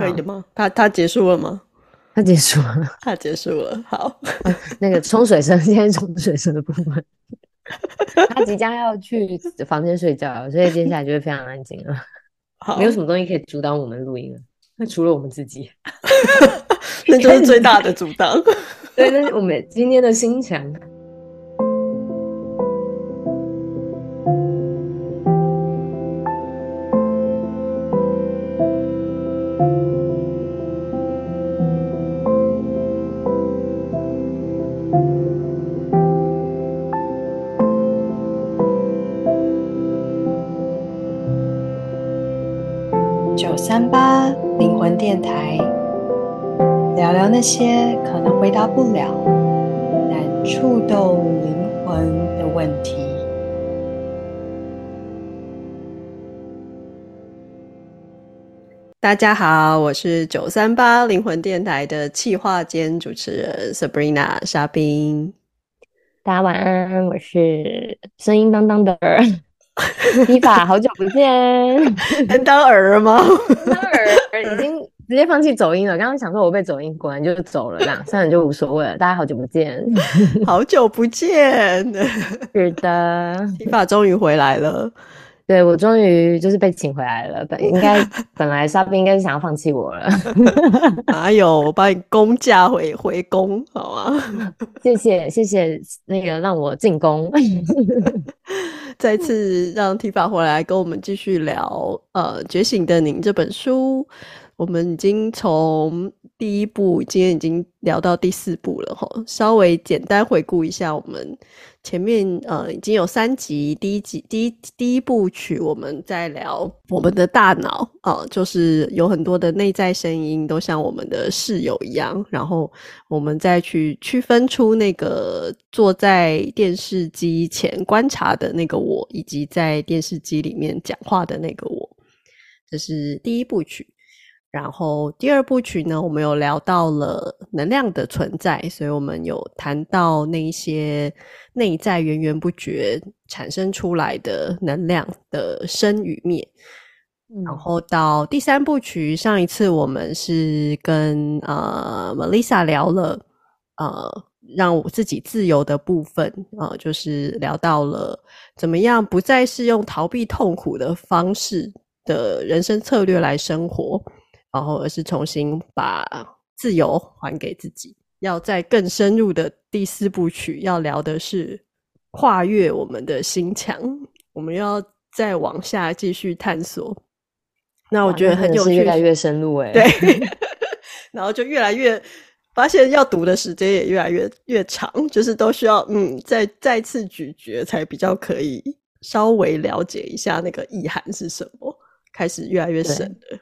好可以的嗎？他他結束了嗎？他結束了，他結束了。好， 那個沖水聲，現在沖水聲的部分，他即將要去房間睡覺了，所以接下來就會非常安靜了。好沒有什麼東西可以阻擋我們錄音了，那除了我們自己， 那就是最大的阻擋。 對，那是我們今天的心牆。那些可能回答不了，但觸動靈魂的問題。大家好，我是九三八靈魂電台的企劃兼主持人 Sabrina 莎賓。大家晚安，我是聲音當當的 Tifa， 你好久不見，能當二嗎？ 當二已經。直接放棄走音了。剛剛想說，我被走音，果然就走了這樣。那算了，就無所謂了。 大家好久不見， 好久不見，是的。Tifa 終於回來了，對我終於就是被請回來了。本應該本來莎賓應該是想要放棄我了， 哪有我把你公駕回回宮好嗎？ 謝謝謝謝那個讓我進攻， 再次讓 Tifa 回來跟我們繼續聊呃《覺醒的你》這本書。我們已經從第一部，今天已經聊到第四部了哈。稍微簡單回顧一下，我們前面呃已經有三集，第一集第一第一部曲，我們在聊我們的大腦啊、呃，就是有很多的內在聲音，都像我們的室友一樣。然後我們再去區分出那個坐在電視機前觀察的那個我，以及在電視機裡面講話的那個我，這是第一部曲。然後第二部曲呢，我們有聊到了能量的存在，所以我們有談到那些內在源源不絕產生出來的能量的生與滅。嗯、然後到第三部曲，上一次我們是跟呃 Melissa 聊了呃讓我自己自由的部分啊、呃，就是聊到了怎麼樣不再是用逃避痛苦的方式的人生策略來生活。然後，而是重新把自由還給自己。要在更深入的第四部曲，要聊的是跨越我們的心牆。我們要再往下繼續探索。啊、那我覺得很有趣，是越來越深入哎、欸，對。然後就越來越發現，要讀的時間也越來越越長，就是都需要嗯，再再次咀嚼才比較可以稍微了解一下那個意涵是什麼。開始越來越深了。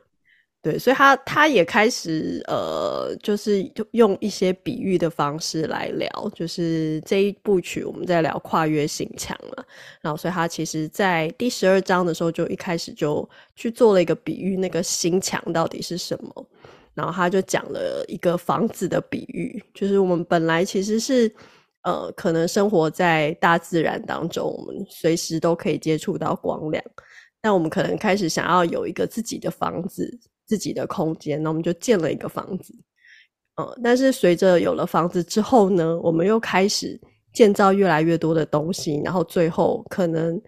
對，所以他他也開始呃，就是用一些比喻的方式來聊，就是這一部曲我們在聊跨越心牆了。然後，所以他其實在第十二章的時候，就一開始就去做了一個比喻，那個心牆到底是什麼？然後他就講了一個房子的比喻，就是我們本來其實是呃，可能生活在大自然當中，我們隨時都可以接觸到光亮，但我們可能開始想要有一個自己的房子。自己的空間，那我們就建了一個房子，呃，但是隨着有了房子之後呢，我們又開始建造越來越多的東西，然後最後可能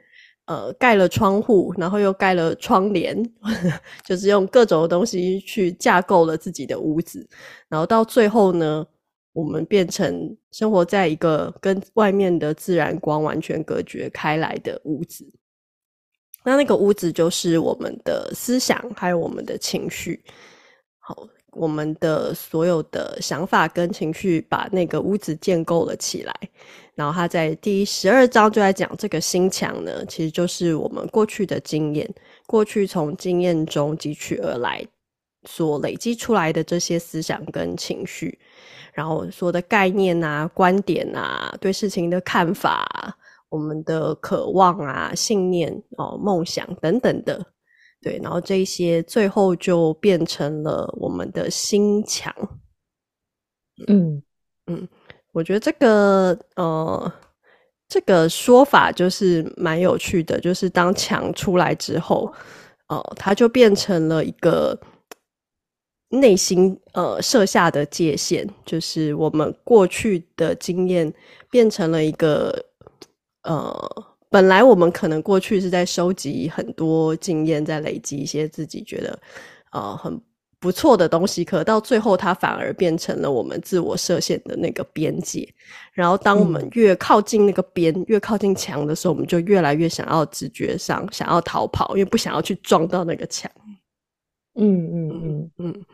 呃蓋了窗戶，然後又蓋了窗簾，呵呵就是用各種東西去架構了自己的屋子，然後到最後呢，我們變成生活在一個跟外面的自然光完全隔絕開來的屋子。那那個屋子就是我們的思想，還有我們的情緒。好，我們的所有的想法跟情緒，把那個屋子建構了起來。然後他在第十二章就在講這個心牆呢，其實就是我們過去的經驗，過去從經驗中汲取，而來，所累積出來的這些思想跟情緒，然後說的概念啊、觀點啊、對事情的看法啊。我們的渴望啊、信念哦、夢想等等的，對，然後這一些最後就變成了我們的心牆。嗯嗯，我覺得這個呃，這個說法就是蠻有趣的，就是當牆出來之後，哦、呃，它就變成了一個內心呃設下的界限，就是我們過去的經驗變成了一個。呃，本來我們可能過去是在收集很多經驗，在累積一些自己覺得呃很不錯的東西，可到最後，它反而變成了我們自我設限的那個邊界。然後，當我們越靠近那個邊，嗯、越靠近牆的時候，我們就越來越想要直覺上想要逃跑，因為不想要去撞到那個牆。嗯嗯嗯嗯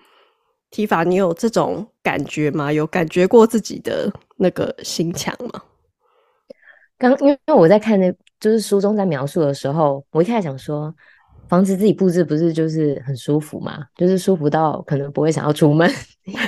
，Tifa, 你有這種感覺嗎？有感覺過自己的那個心牆嗎？剛因為我在看那就是書中在描述的時候，我一開始想說，房子自己布置不是就是很舒服嘛？就是舒服到可能不會想要出門，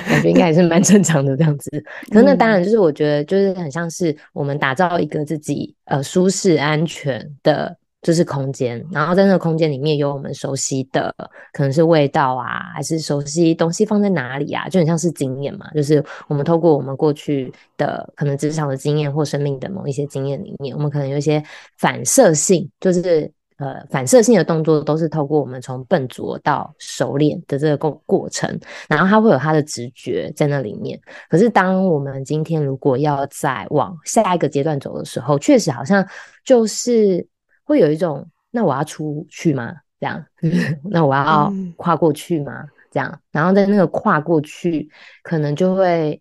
感覺應該還是蠻正常的這樣子。 可是那當然就是我覺得就是很像是我們打造一個自己呃舒適安全的。就是空間，然後在那個空間裡面有我們熟悉的，可能是味道啊，還是熟悉東西放在哪裡啊，就很像是經驗嘛。就是我們透過我們過去的可能職場的經驗或生命的某一些經驗裡面，我們可能有一些反射性，就是呃反射性的動作，都是透過我們從笨拙到熟練的這個過過程，然後它會有它的直覺在那裡面。可是當我們今天如果要再往下一個階段走的時候，確實好像就是。會有一種，那我要出去嗎？這樣，那我要跨過去嗎？這樣，然後在那個跨過去，可能就會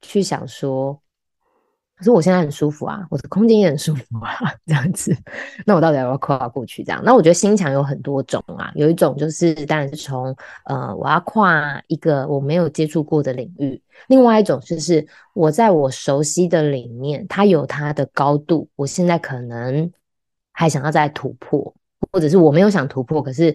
去想說，可是我現在很舒服啊，我的空間也很舒服啊，這樣子，那我到底要不要跨過去？這樣，那我覺得心牆有很多種啊，有一種就是，但是，當然是從呃，我要跨一個我沒有接觸過的領域，另外一種就是，我在我熟悉的裡面，它有它的高度，我現在可能。還想要再突破，或者是我沒有想突破，可是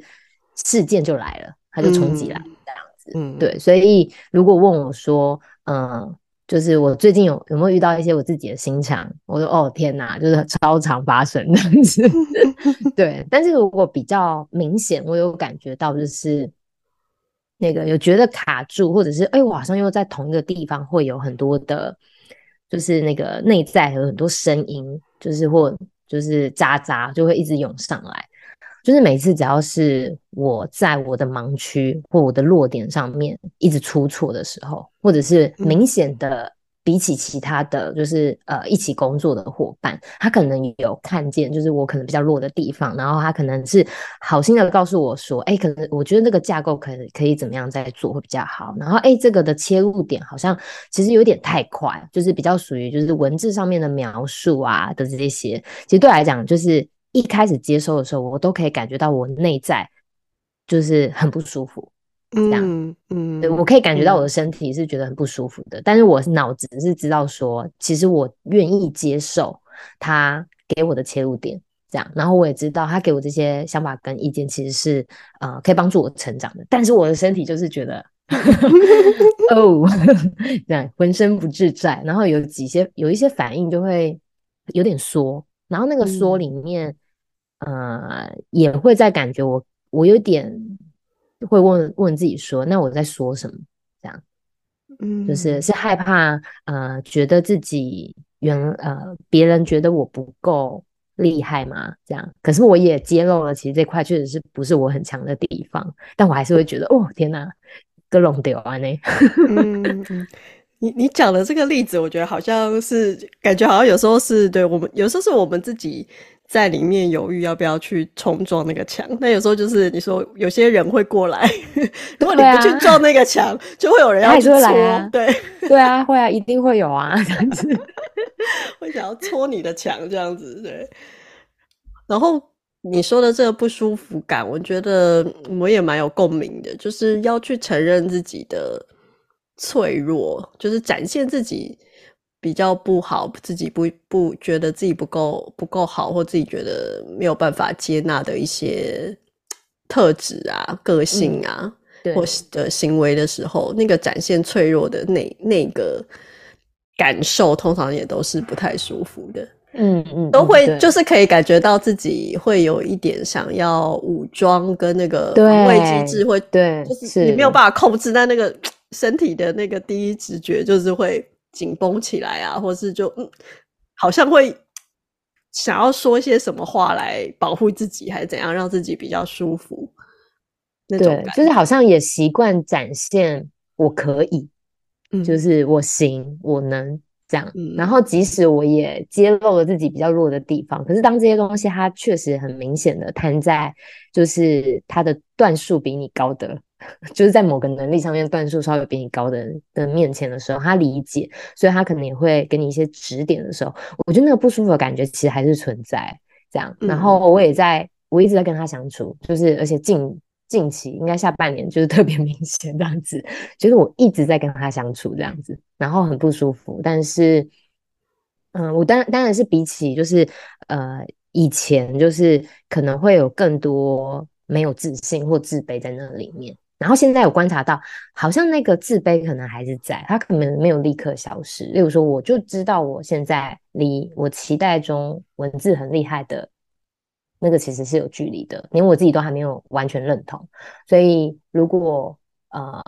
事件就來了，它就衝擊了。這樣子。嗯，嗯對。所以如果問我說，嗯、呃，就是我最近有有沒有遇到一些我自己的心牆？我說，哦天哪，就是超常發生這樣子。 對。但是如果比較明顯，我有感覺到就是那個有覺得卡住，或者是哎、欸，我好像又在同一個地方會有很多的，就是那個內在有很多聲音，就是或。就是渣渣就會一直湧上來，就是每次只要是我在我的盲區或我的弱點上面一直出錯的時候，或者是明顯的。比起其他的就是呃一起工作的夥伴，他可能有看見，就是我可能比較弱的地方，然後他可能是好心的告訴我說，哎、欸，可能我覺得那個架構可能可以怎麼樣再做會比較好，然後哎、欸，這個的切入點好像其實有點太快，就是比較屬於就是文字上面的描述啊的這些，其實對我來講就是一開始接收的時候，我都可以感覺到我內在就是很不舒服。嗯嗯，對，我可以感覺到我的身體是覺得很不舒服的。嗯、但是我腦子是知道說，其實我願意接受他給我的切入點，這樣，然後我也知道他給我這些想法跟意見其實是呃可以幫助我成長的，但是我的身體就是覺得 哦，這樣渾身不自在，然後有幾些有一些反應就會有點縮，然後那個縮裡面、嗯、呃也會在感覺我我有點。會問問自己說：“那我在說什麼？”這樣，嗯，就是是害怕，呃，覺得自己原，呃別人覺得我不夠厲害嗎？這樣，可是我也揭露了，其實這塊確實是不是我很強的地方，但我還是會覺得，哦，天哪，割聾屌啊！嗯、 你你講的這個例子，我覺得好像是感覺好像有時候是對我們，有時候是我們自己，在裡面猶豫要不要去衝撞那個牆，那有時候就是你說有些人會過來， 如果你不去撞那個牆，啊、就會有人要戳出來、啊，對對啊，會啊，一定會有啊，這樣子會 想要戳你的牆這樣子，對。然後你說的這個不舒服感，我覺得我也蠻有共鳴的，就是要去承認自己的脆弱，就是展現自己。比較不好，自己不不覺得自己不夠不夠好，或自己覺得沒有辦法接納的一些特質啊、個性啊，嗯、或的行為的時候，那個展現脆弱的那那個感受，通常也都是不太舒服的。嗯嗯，嗯都會就是可以感覺到自己會有一點想要武裝，跟那個防衛機制會，對，就是你沒有辦法控制，但那個身體的那個第一直覺就是會。緊繃起來啊，或是就嗯，好像會想要說些什麼話來保護自己，還是怎樣讓自己比較舒服？那種感覺。對，就是好像也習慣展現我可以，嗯，就是我行我能這樣。然後即使我也揭露了自己比較弱的地方，可是當這些東西它確實很明顯的攤在，就是它的段數比你高的。就是在某個能力上面段數稍微比你高的人的面前的時候，他理解，所以他可能也會給你一些指點的時候，我覺得那個不舒服的感覺其實還是存在。這樣，然後我也在，我一直在跟他相處，就是而且近近期應該下半年就是特別明顯這樣子，就是我一直在跟他相處這樣子，然後很不舒服，但是，嗯，呃，我當當然是比起就是呃以前就是可能會有更多沒有自信或自卑在那裡面。然後現在有觀察到，好像那個自卑可能還是在，它可能沒有立刻消失。例如說，我就知道我現在離我期待中文字很厲害的，那個其實是有距離的，連我自己都還沒有完全認同。所以如果呃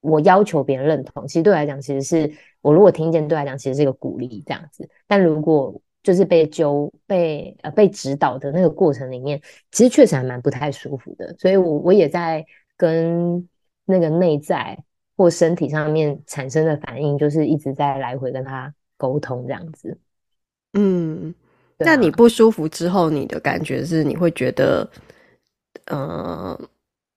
我要求別人認同，其實對我來講，其實是我如果聽見對我來講，其實是一個鼓勵這樣子。但如果就是被揪、被呃被指導的那個過程裡面，其實確實還蠻不太舒服的。所以我，我我也在。跟那個內在或身體上面產生的反應，就是一直在來回跟他溝通這樣子。嗯，那、啊、你不舒服之後，你的感覺是你會覺得，呃，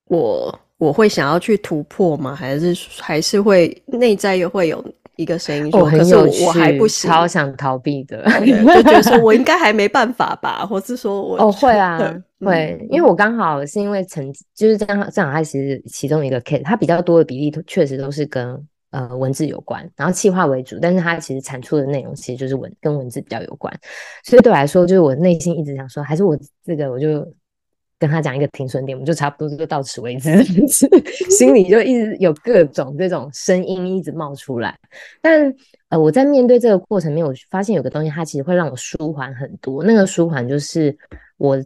我我會想要去突破嗎？還是還是會內在又會有一個聲音說，哦、很有趣，可是我還不行，超想逃避的， 就覺得說我應該還沒辦法吧， 或是說我哦會啊。會，因為我剛好是因為成就是這樣，這樣它其實其中一個 case，它比較多的比例都確實都是跟呃文字有關，然後企劃，為主，但是它其實產出的內容其實就是文跟文字比較有關，所以對我來說，就是我內心一直想說，還是我這個我就跟他講一個停損點，我們就差不多就到此為止。 心裡就一直有各種這種聲音一直冒出來，但呃，我在面對這個過程沒，我發現有個東西，它其實會讓我舒緩很多。那個舒緩就是我。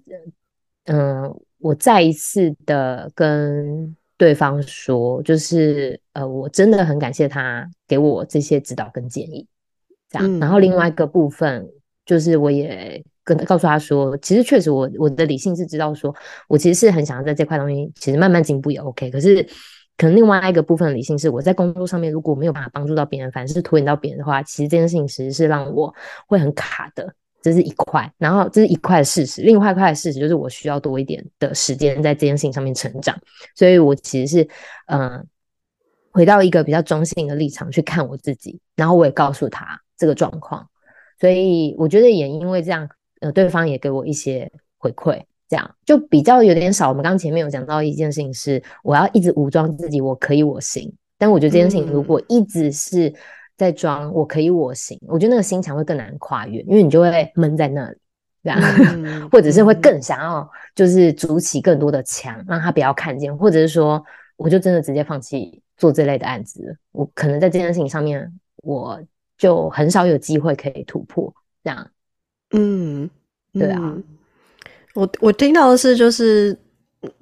嗯、呃，我再一次的跟對方說，就是呃，我真的很感謝他給我這些指導跟建議，這樣。然後另外一個部分，就是我也跟他告訴他說，其實確實我我的理性是知道說，我其實是很想要在這塊東西，其實慢慢進步也 OK。可是，可能另外一個部分的理性是，我在工作上面如果沒有辦法幫助到別人，反正是拖延到別人的話，其實這件事情其實是讓我會很卡的。這是一塊，然後這是一塊事實。另外一塊事實就是，我需要多一點的時間在這件事情上面成長。所以，我其實是嗯、呃，回到一個比較中性的立場去看我自己。然後，我也告訴他這個狀況。所以，我覺得也因為這樣，呃，對方也給我一些回饋，這樣就比較有點少。我們剛前面有講到一件事情是，我要一直武裝自己，我可以，我行。但我覺得這件事情如果一直是。在裝我可以，我行。我覺得那個心牆會更難跨越，因為你就會悶在那裡，這樣， 或者是會更想要就是築起更多的牆，讓他不要看見，或者是說，我就真的直接放棄做這類的案子。我可能在這件事情上面，我就很少有機會可以突破。這樣，嗯，嗯，對啊，我我聽到的是就是。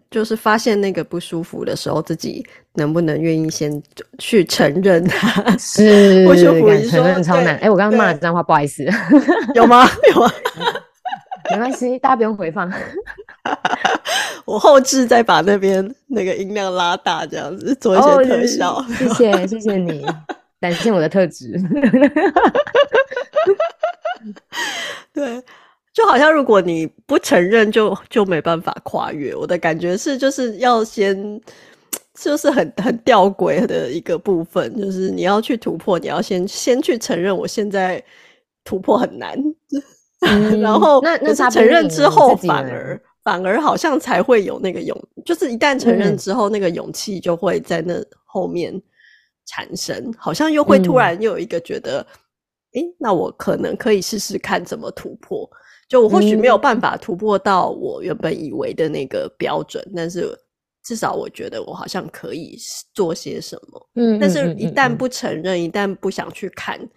就是發現那個不舒服的時候，自己能不能願意先去承認它？ 是不舒服，我承認超難。哎對、欸，我剛剛罵了你髒話，對不好意思。有嗎？有啊，嗯。沒關係， 大家不用回放。 我後製再把那邊那個音量拉大，這樣子做一些特效。Oh, 嗎謝謝，謝謝你展現我的特質。 對。就好像如果你不承認就，就就沒辦法跨越。我的感覺是，就是要先，就是很很吊詭的一個部分，就是你要去突破，你要先先去承認，我現在突破很難。嗯、 然後那那承認之後，反而反而好像才會有那個勇，就是一旦承認之後，嗯、那個勇氣就會在那後面產生，好像又會突然又有一個覺得，誒、嗯欸、那我可能可以試試看怎麼突破。就我或許沒有辦法突破到我原本以為的那個標準，嗯、但是至少我覺得我好像可以做些什麼。嗯，但是一旦不承認，嗯、一旦不想去看，嗯、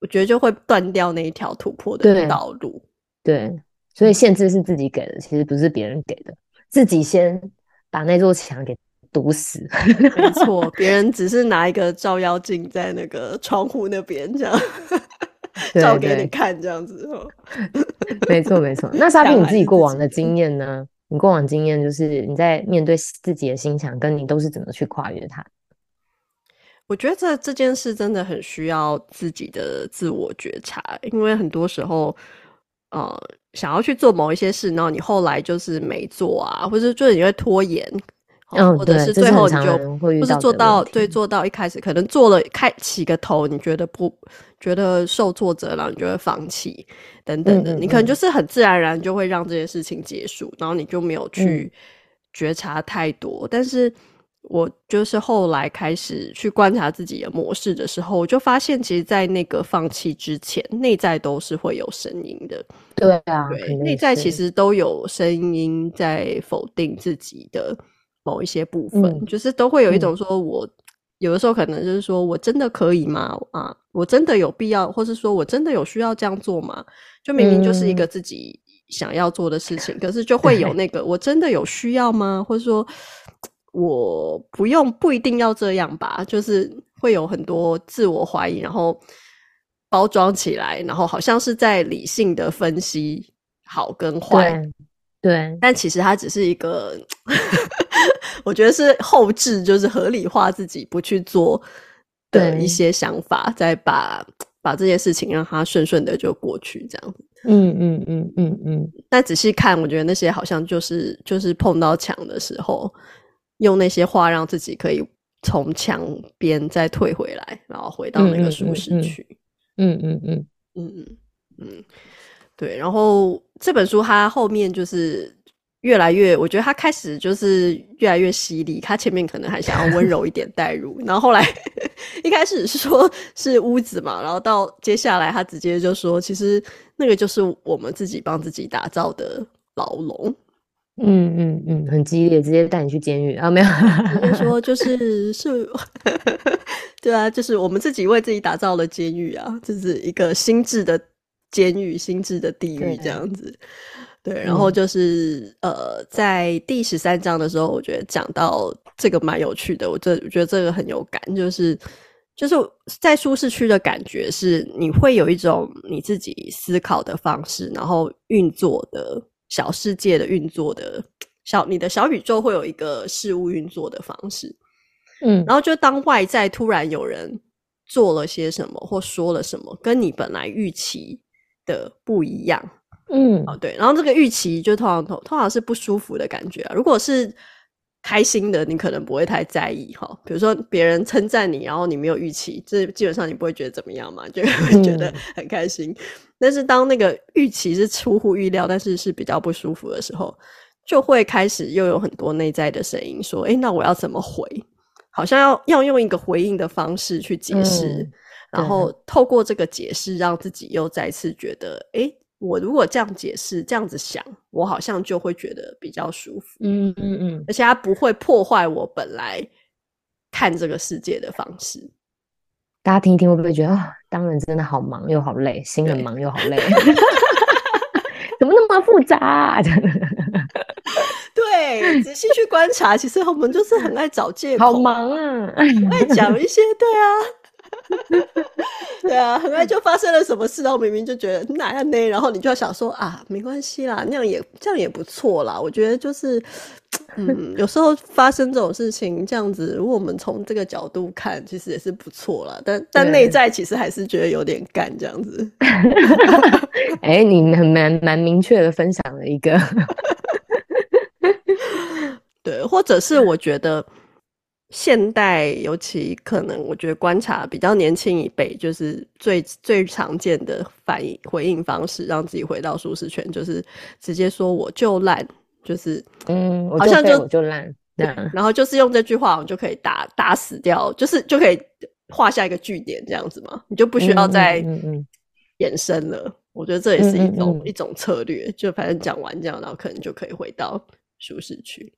我覺得就會斷掉那一條突破的道路。對，對，所以限制是自己給的，其實不是別人給的。自己先把那座牆給堵死。 沒錯，別人只是拿一個照妖鏡在那個窗戶那邊這樣。照給你看，這樣子、喔。對 沒錯，沒錯。 來了 那沙比你自己過往的經驗呢？ 你過往經驗就是你在面對自己的心想，跟你都是怎麼去跨越它？我覺得這這件事真的很需要自己的自我覺察，因為很多時候，呃，想要去做某一些事，然後你後來就是沒做啊，或者就是你會拖延。嗯，oh, 或者是最後、oh, 對你就是不是做到對，做到一開始可能做了開起個頭，你覺得不覺得受挫折了，你就會放棄等等的，嗯、你可能就是很自然而然就會讓這些事情結束，嗯、然後你就沒有去覺察太多。嗯、但是，我就是後來開始去觀察自己的模式的時候，我就發現，其實，在那個放棄之前，內在都是會有聲音的。對啊，對，內在其實都有聲音在否定自己的。某一些部分，嗯、就是都會有一種說我，我、嗯、有的時候可能就是說我真的可以嗎？啊，我真的有必要，或是說我真的有需要這樣做嗎？就明明就是一個自己想要做的事情，嗯、可是就會有那個，對我真的有需要嗎？或者說我不用，不一定要這樣吧？就是會有很多自我懷疑，然後包裝起來，然後好像是在理性的分析好跟壞。對，但其實他只是一個 我覺得是後製，就是合理化自己不去做的一些想法，對再把把這些事情讓它順順的就過去，這樣子、嗯。嗯嗯嗯嗯嗯。嗯嗯但仔細看，我覺得那些好像就是就是碰到牆的時候，用那些話讓自己可以從牆邊再退回來，然後回到那個舒適區、嗯。嗯嗯嗯嗯嗯嗯。對，然後。這本書它後面就是越來越，我覺得他開始就是越來越犀利，他前面可能還想要溫柔一點帶入， 然後後來一開始是說是屋子嘛，然後到接下來他直接就說，其實那個就是我們自己幫自己打造的牢籠。嗯，嗯嗯嗯，很激烈，直接帶你去監獄啊？沒有， 然後說就是是， 對啊，就是我們自己為自己打造的監獄啊，這是一個心智的。監獄，心智的地獄這樣子。對，欸、對。然後就是、嗯、呃，在第十三章的時候，我覺得講到這個蠻有趣的。我這我覺得這個很有感，就是就是在舒適區的感覺，是你會有一種你自己思考的方式，然後運作的小世界的運作的小你的小宇宙會有一個事物運作的方式。嗯，然後就當外在突然有人做了些什麼或說了什麼，跟你本來預期的不一樣，嗯，哦，對，然後這個預期就通常、通通常是不舒服的感覺啊。如果是開心的，你可能不會太在意哈。比如說別人稱讚你，然後你沒有預期，這基本上你不會覺得怎麼樣嘛，就會覺得很開心。嗯、但是當那個預期是出乎預料，但是是比較不舒服的時候，就會開始又有很多內在的聲音說：“誒、欸，那我要怎麼回？好像要要用一個回應的方式去解釋。嗯”然後透過這個解釋，讓自己又再次覺得，誒、欸、我如果這樣解釋，這樣子想，我好像就會覺得比較舒服。嗯嗯嗯，而且它不會破壞我本來看這個世界的方式。大家聽一聽，會不會覺得啊、哦？當然，真的好忙又好累，心很忙又好累，對 怎麼那麼複雜、啊？ 對，仔細去觀察，其實我們就是很愛找借口，好忙啊，愛 講一些，對啊。 對啊，很快就發生了什麼事？然後明明就覺得那樣呢？然後你就要想說啊，沒關係啦，那樣也這樣也不錯啦。我覺得就是，嗯，有時候發生這種事情，這樣子，如果我們從這個角度看，其實也是不錯啦。但但內在其實還是覺得有點幹這樣子。哎、 欸，你很蠻蠻明確的分享了一個， 對，或者是我覺得。現代尤其可能，我覺得觀察比較年輕一輩，就是最最常見的反應回應方式，讓自己回到舒適圈，就是直接說我就爛，就是嗯，好像就就爛對，嗯、然後就是用這句話，我們就可以打打死掉，就是就可以畫下一個句點這樣子嘛，你就不需要再延伸了。嗯嗯嗯、我覺得這也是一種、嗯嗯嗯、一種策略，就反正講完這樣，然後可能就可以回到舒適區。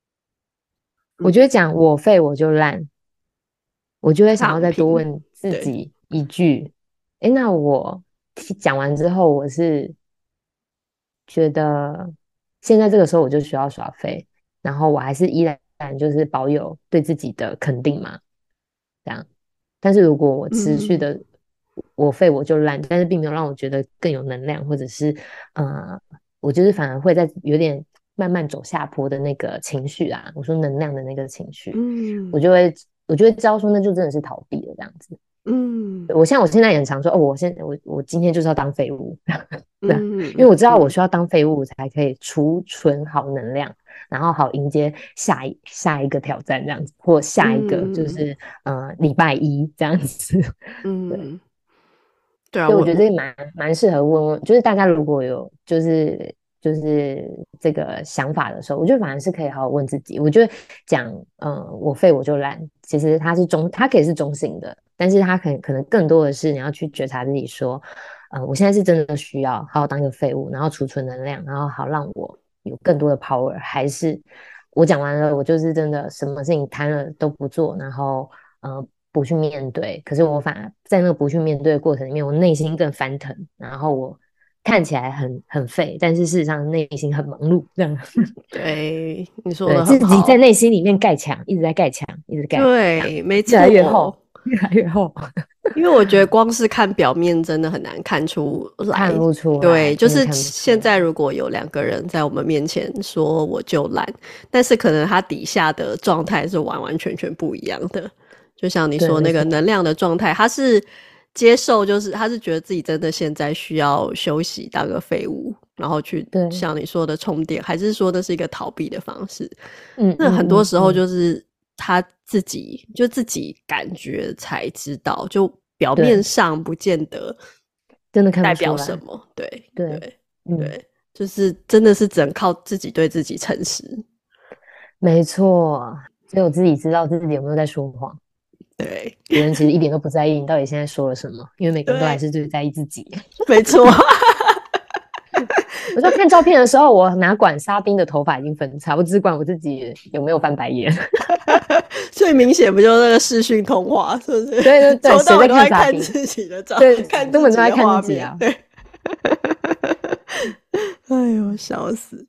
我覺得講我廢我就爛，我就會想要再多問自己一句：哎，那我講完之後，我是覺得現在這個時候我就需要耍廢，然後我還是依然就是保有對自己的肯定嘛。這樣，但是如果我持續的我廢我就爛，嗯、但是並沒有讓我覺得更有能量，或者是呃，我就是反而會在有點。慢慢走下坡的那個情緒啊，我說能量的那個情緒，嗯，我就會，我就會知道說那就真的是逃避了這樣子，嗯，我像我現在也很常說哦，我現在我我今天就是要當廢物，對，因為我知道我需要當廢物才可以儲存好能量，然後好迎接下一下一個挑戰這樣子，或下一個就是嗯、呃，禮拜一這樣子，嗯，這樣子，對，對啊，對我，我覺得這蠻蠻適合問問，就是大家如果有就是。就是這個想法的時候，我覺得反而是可以好好問自己。我覺得講，嗯，我廢我就爛，其實它是中，它可以是中性的，但是它可能可能更多的是你要去覺察自己，說，嗯、呃、我現在是真的需要好好當一個廢物，然後儲存能量，然後好讓我有更多的 power，還是我講完了，我就是真的什麼事情癱了，都不做，然後，呃，不去面對。可是我反而在那個不去面對的過程裡面，我內心更翻騰，然後我。看起來很很廢，但是事實上內心很忙碌，這樣。對你說，我自己在內心裡面蓋牆，一直在蓋牆，一直蓋牆。對，沒錯。越來越厚，越來越厚。因為我覺得光是看表面真的很難看出來，看不出。對，就是現在如果有兩個人在我們面前說我就懶，但是可能他底下的狀態是完完全全不一樣的。就像你說對那個能量的狀態，他是。接受就是，他是覺得自己真的現在需要休息當個廢物，然後去像你說的充電，對還是說的是一個逃避的方式？嗯，那很多時候就是他自己、嗯、就自己感覺才知道，就表面上不見得真的對代表什麼。對對、嗯、對，就是真的是只能靠自己對自己誠實。沒錯，只有自己知道自己有沒有在說謊。對，別人其實一點都不在意你到底現在說了什麼，因為每個人都還是最在意自己。沒錯，我在看照片的時候，我哪管莎賓的頭髮已經分岔，我只管我自己有沒有翻白眼。最 明顯不就是那個視訊通話，是不是？對對對，都在看自己的照片，對，根本對都在看自己、啊。對，哎 呦，笑死！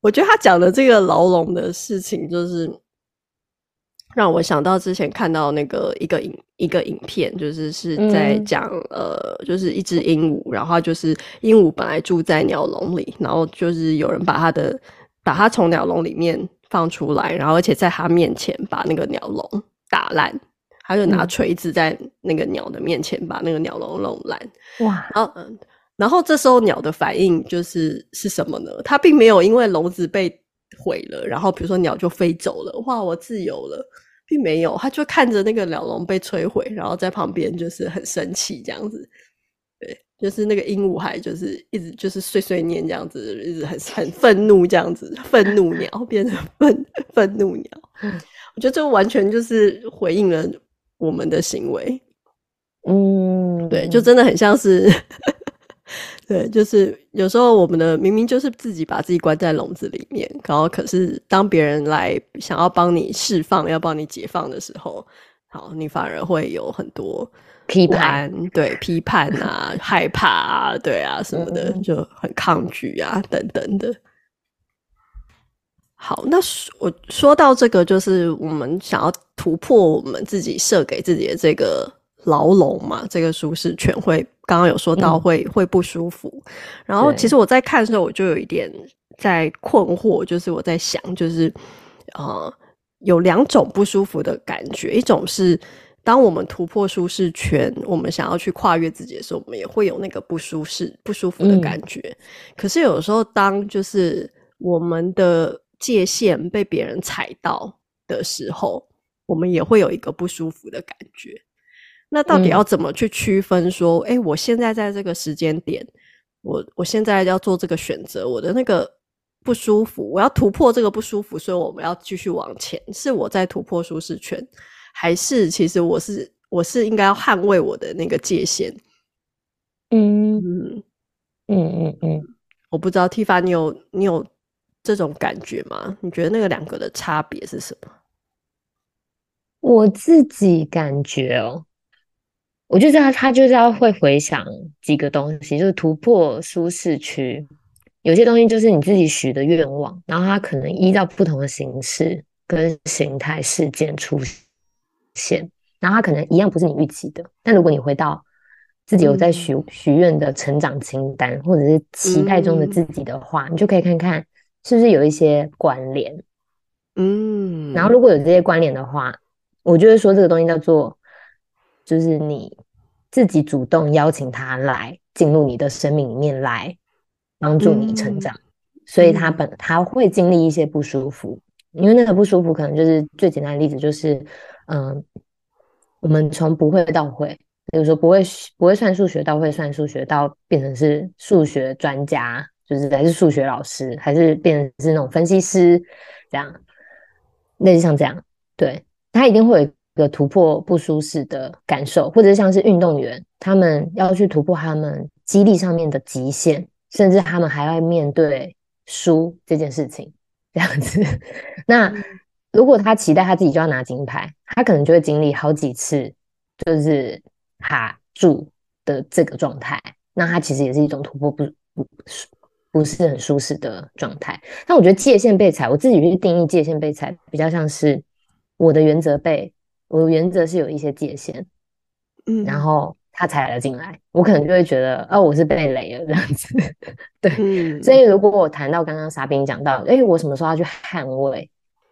我覺得他講的這個牢籠的事情，就是。讓我想到之前看到那個一個影一個影片，就是是在講、嗯、呃，就是一隻鸚鵡，然後就是鸚鵡本來住在鳥籠裡，然後就是有人把它的把它從鳥籠裡面放出來，然後而且在它面前把那個鳥籠打爛，他就拿錘子在那個鳥的面前把那個鳥籠弄爛。哇、嗯！然後、嗯、然後這時候鳥的反應就是是什麼呢？它並沒有因為籠子被毀了，然後比如說鳥就飛走了，哇，我自由了。並沒有，他就看着那個鳥籠被摧毀，然後在旁邊就是很生氣這樣子。對，就是那個鸚鵡還就是一直就是碎碎念這樣子，一直很很憤怒這樣子，憤怒鳥變成憤憤怒鳥。怒鳥嗯，我覺得這完全就是回應了我們的行為。嗯，對，就真的很像是。 對，就是有時候我們的明明就是自己把自己關在籠子裡面，然後可是當別人來想要幫你釋放、要幫你解放的時候，好，你反而會有很多批判，對，批判啊， 害怕啊，對啊，什麼的就很抗拒啊，等等的。好，那說我說到這個，就是我們想要突破我們自己設給自己的這個牢籠嘛？這個舒適圈會。剛剛有說到會、嗯、會不舒服，然後其實我在看的時候，我就有一點在困惑，就是我在想，就是啊、呃，有兩種不舒服的感覺，一種是當我們突破舒適圈，我們想要去跨越自己的時候，我們也會有那個不舒適不舒服的感覺。嗯、可是有時候，當就是我們的界限被別人踩到的時候，我們也會有一個不舒服的感覺。那到底要怎麼去區分？說，哎、嗯欸，我現在在這個時間點，我我現在要做這個選擇，我的那個不舒服，我要突破這個不舒服，所以我們要繼續往前，是我在突破舒適圈，還是其實我是我是應該要捍衛我的那個界限？嗯嗯嗯嗯嗯，我不知道 Tifa 你有你有這種感覺嗎？你覺得那個兩個的差別是什麼？我自己感覺哦。我就知道，他就是要會回想幾個東西，就是突破舒適區。有些東西就是你自己許的願望，然後它可能依照不同的形式跟形態、事件出現，然後它可能一樣不是你預期的。但如果你回到自己有在許許願的成長清單，或者是期待中的自己的話，嗯、你就可以看看是不是有一些關聯。嗯，然後如果有這些關聯的話，我就會說這個東西叫做。就是你自己主動邀請他來進入你的生命裡面來幫助你成長，嗯、所以他本他會經歷一些不舒服，嗯、因為那個不舒服可能就是最簡單的例子就是，嗯、呃，我們從不會到會，比如說不會不會算數學到會算數學到變成是數學專家，就是還是數學老師，還是變成是那種分析師，這樣，類似像這樣，對，他一定會有，一個突破不舒適的感受，或者像是運動員，他們要去突破他們肌力上面的極限，甚至他們還要面對輸這件事情，這樣子。那如果他期待他自己就要拿金牌，他可能就會經歷好幾次就是卡住的這個狀態。那他其實也是一種突破不不不是很舒適的狀態。但我覺得界限被踩，我自己去定義界限被踩，比較像是我的原則被。我原則是有一些界限，嗯、然後他踩了進來，我可能就會覺得，哦，我是被雷了這樣子。對，嗯、所以如果我談到剛剛莎賓講到，哎，我什麼時候要去捍衛，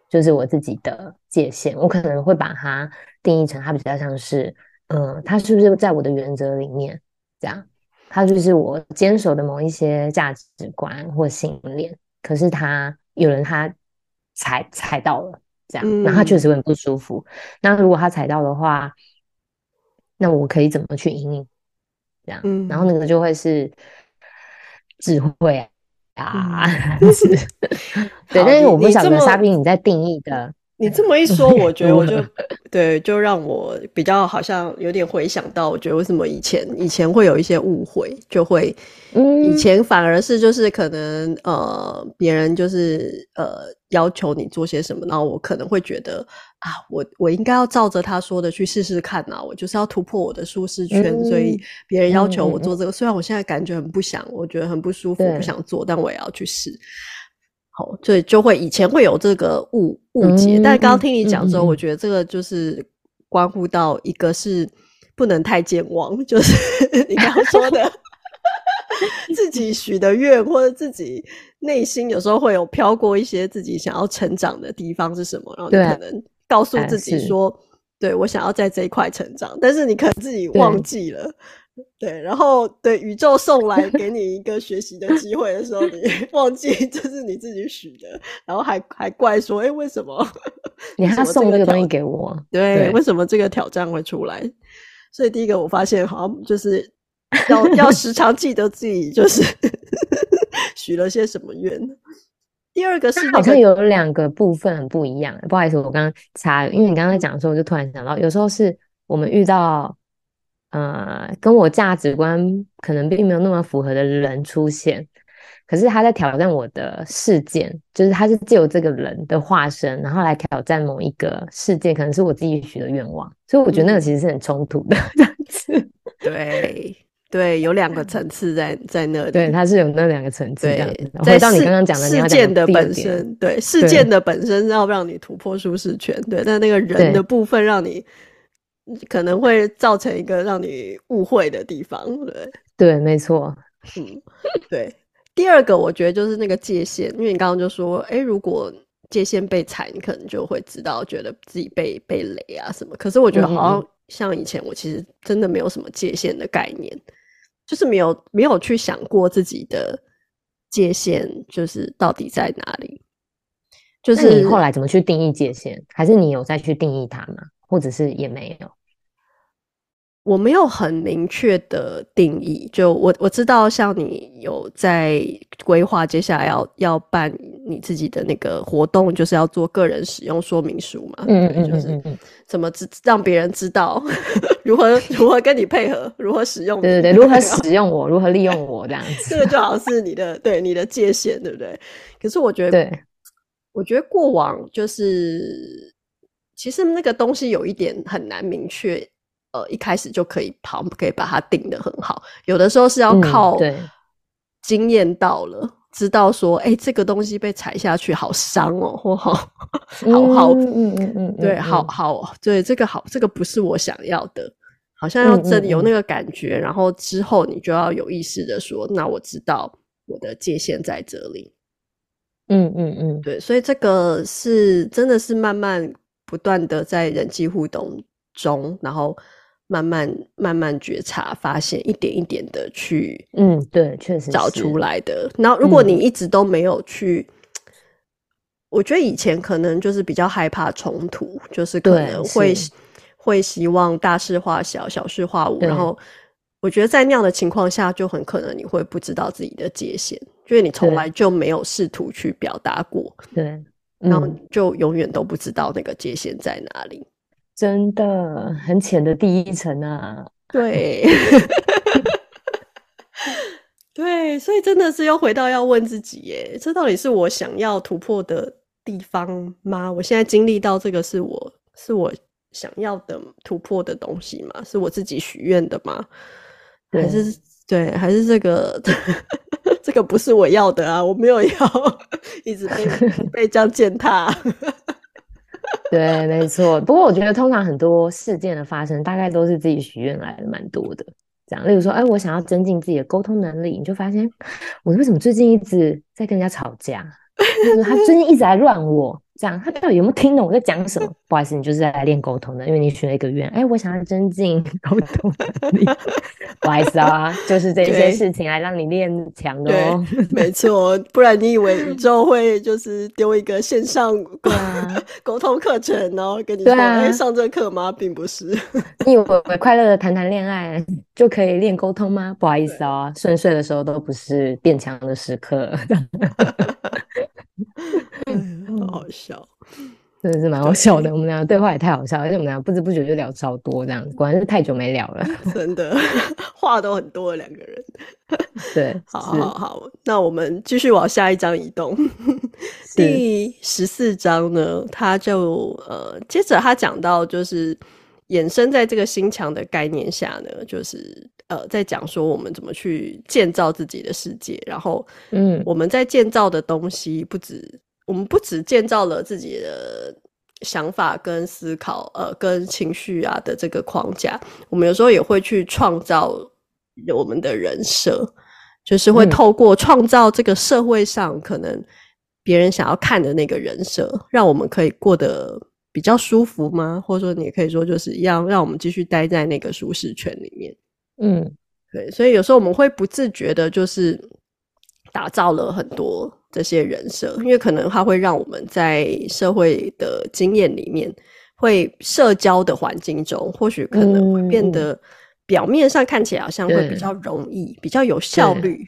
就是我自己的界限，我可能會把它定義成，它比較像是，嗯、呃，它是不是在我的原則裡面？這樣，它就是我堅守的某一些價值觀或信念。可是他有人他踩踩到了。這樣，那他確實會很不舒服。嗯、那如果他踩到的話，那我可以怎麼去引領？這樣，嗯、然後那個就會是智慧啊，就是、嗯、 對。好但是我不想得莎賓你在定義的。你這麼一說，我覺得我就 對，就讓我比較好像有點回想，到，我覺得為什麼以前以前會有一些誤會，就會、嗯、以前反而是就是可能呃別人就是呃。要求你做些什麼，然後我可能會覺得啊，我我應該要照着他說的去試試看啊，我就是要突破我的舒適圈，嗯、所以別人要求我做這個，嗯嗯、雖然我現在感覺很不想，我覺得很不舒服，對不想做，但我也要去試。好，所以就會以前會有這個誤誤解，嗯、但剛剛聽你講之後，嗯、我覺得這個就是關乎到一個是不能太健忘，嗯、就是你剛剛說的。 自己許的願，或者自己內心有時候會有飄過一些自己想要成長的地方是什麼，對然後你可能告訴自己說：“對，我想要在這一塊成長。”但是你可能自己忘記了，對，對，然後對宇宙送來給你一個學習的機會的時候， 你忘記這是你自己許的，然後還還怪說：“哎，為什麼你還送這個東西給我？對，對，為什麼這個挑戰會出來？”所以第一個我發現，好像就是。 要要時常記得自己就是許 了些什麼願。第二個是那個，好像有兩個部分很不一樣、欸。不好意思，我剛剛查，因為你剛剛講的時候，我就突然想到，有時候是我們遇到呃跟我價值觀可能並沒有那麼符合的人出現，可是他在挑戰我的事件，就是他是借由這個人的化身，然後來挑戰某一個事件，可能是我自己許的願望，所以我覺得那個其實是很衝突的這樣子。嗯、 對。對，有兩個層次在在那裡。對，它是有那兩個層次的。你對，在事回到你剛剛講的事件的本身，對事件的本身，是要讓你突破舒適圈。對，對，但那個人的部分，讓你對可能會造成一個讓你誤會的地方。對，對，沒錯。嗯，對。第二個，我覺得就是那個界限，因為你剛剛就說，哎，如果界限被踩，你可能就會知道，覺得自己被被雷啊什麼。可是我覺得好像、嗯、哼像以前，我其實真的沒有什麼界限的概念。就是沒有沒有去想過自己的界限，就是到底在哪裡？就是那你後來怎麼去定義界限？還是你有再去定義它嗎？或者是也沒有？我沒有很明確的定義，就我我知道，像你有在規劃接下來要要辦你自己的那個活動，就是要做個人使用說明書嘛，嗯對，就是怎麼讓別人知道 如何如何跟你配合， 如何使用，對對對，如何使用我， 如何利用我這樣子， 這個就好像是你的，對，你的界限，對不對？可是我覺得，對 我覺得過往就是其實那個東西有一點很難明確，呃，一開始就可以跑，可以把它定得很好。有的時候是要靠經驗到了，嗯、知道說，哎、欸，這個東西被踩下去好傷哦，或好，嗯、 好好，嗯嗯嗯，嗯嗯對，好好，對，這個好，這個不是我想要的，好像要真有那個感覺，嗯嗯、然後之後你就要有意識的說，那我知道我的界限在這裡。嗯嗯嗯，嗯嗯對，所以這個是真的是慢慢不斷的在人際互動中，然後。慢慢慢慢覺察，發現一點一點的去，嗯，對，確實找出來的。然後，如果你一直都沒有去，嗯、我覺得以前可能就是比較害怕衝突，就是可能會會希望大事化小，小事化無。對然後，我覺得在那樣的情況下，就很可能你會不知道自己的界限，就是你從來就沒有試圖去表達過，對，對嗯、然後就永遠都不知道那個界限在哪裡。真的很淺的第一層啊，對， 對，所以真的是又回到要問自己，耶，這到底是我想要突破的地方嗎？我現在經歷到這個是我是我想要的突破的東西嗎？是我自己許願的嗎？還是對，對，還是這個 這個不是我要的啊？我沒有要一直被 被這樣踐踏。 對，沒錯。不過我覺得，通常很多事件的發生，大概都是自己許願來的，蠻多的。這樣，例如說，哎、欸，我想要增進自己的溝通能力，你就發現我為什麼最近一直在跟人家吵架？ 他最近一直在亂我。這樣他到底有沒有聽懂我在講什麼？ 不好意思，你就是在來練溝通的，因為你許了一個願，哎、欸，我想要增進溝通能力。 不好意思啊，就是這些事情來讓你練強的哦。沒錯，不然你以為就會就是丟一個線上溝通課程哦？啊、 程然後跟你說，哎、啊欸，上這課嗎？並不是。 你以為我快樂的談談戀愛 就可以練溝通嗎？不好意思哦、啊，順遂對的時候都不是變強的時刻。 好好笑，真的是蠻好笑的。對我們倆對話也太好笑，而且我們倆不知不覺就聊超多，這樣果然是太久沒聊了， 真的話都很多了。兩個人 對，好好好，是那我們繼續往下一章移動。 是第十四章呢，他就呃，接着他講到就是衍生在這個心牆的概念下呢，就是。呃，在講說我們怎麼去建造自己的世界，然後，嗯，我們在建造的東西不只，我們不只建造了自己的想法跟思考，呃，跟情緒啊的這個框架，我們有時候也會去創造我們的人設，就是會透過創造這個社會上、嗯、可能別人想要看的那個人設，讓我們可以過得比較舒服嗎？或者說，你也可以說，就是一樣讓我們繼續待在那個舒適圈裡面。嗯，對，所以有時候我們會不自覺的，就是打造了很多這些人設，因為可能它會讓我們在社會的經驗裡面，會社交的環境中，或許可能會變得表面上看起來好像會比較容易、對比較有效率，對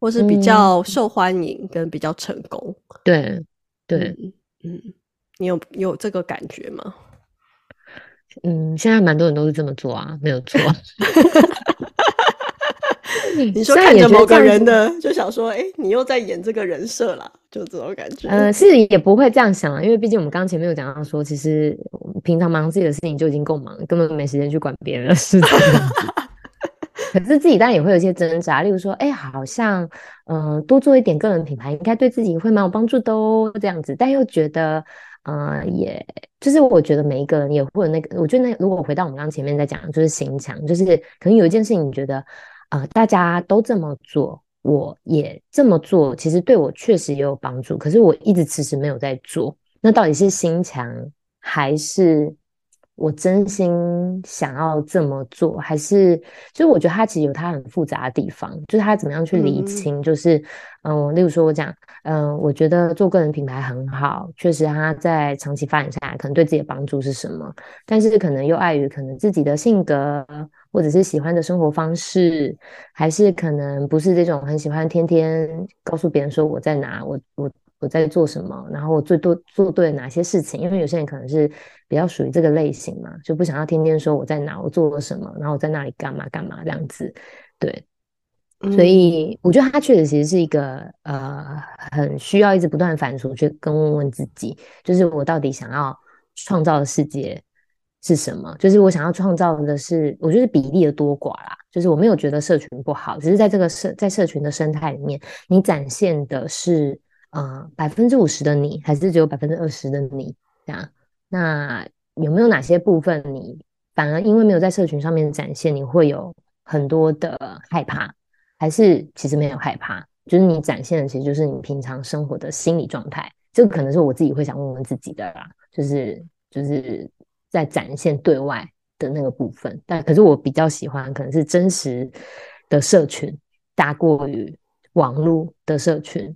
或是比較受歡迎跟比較成功。對，對，嗯，嗯，你有你有這個感覺嗎？嗯，現在蠻多人都是這麼做啊，沒有錯。 你說看着某個人的，就想說，哎、欸，你又在演這個人設了，就這種感覺。呃，是也不會這樣想啊，因為畢竟我們剛剛前面有講到說，其實平常忙自己的事情就已經夠忙了，根本沒時間去管別人的事情。是是 可是自己當然也會有一些掙扎，例如說，哎、欸，好像，嗯、呃，多做一點個人品牌，應該對自己會蠻有幫助的、哦，這樣子，但又覺得。呃，也、uh, yeah. 就是我覺得每一個人也會有那個，我覺得那如果回到我們剛前面在講，就是心牆，就是可能有一件事情，你覺得呃大家都這麼做，我也這麼做，其實對我確實也有幫助，可是我一直遲遲沒有在做，那到底是心牆還是？我真心想要這麼做，還是其實我覺得他其實有他很複雜的地方，就是他怎麼樣去理清，嗯、就是嗯、呃，例如說我講，嗯、呃，我覺得做個人品牌很好，確實他在長期發展下來，可能對自己的幫助是什麼，但是可能又礙於可能自己的性格，或者是喜歡的生活方式，還是可能不是這種很喜歡天天告訴別人說我在哪，我我。我在做什麼？然後我最多做對了哪些事情？因為有些人可能是比較屬於這個類型嘛，就不想要天天說我在哪，我做了什麼，然後我在那裡幹嘛幹嘛這樣子。對，嗯、所以我覺得他確實其實是一個呃，很需要一直不斷反芻去跟問問自己，就是我到底想要創造的世界是什麼？就是我想要創造的是，我覺得比例的多寡啦，就是我沒有覺得社群不好，只是在這個社在社群的生態裡面，你展現的是。嗯，百分之五十的你，還是只有百分之二十的你？這樣，那有沒有哪些部分你反而因為沒有在社群上面展現，你會有很多的害怕，還是其實沒有害怕？就是你展現的其實就是你平常生活的心理狀態。這個可能是我自己會想問問自己的啦，就是就是在展現對外的那個部分，但可是我比較喜歡可能是真實的社群大過於網絡的社群。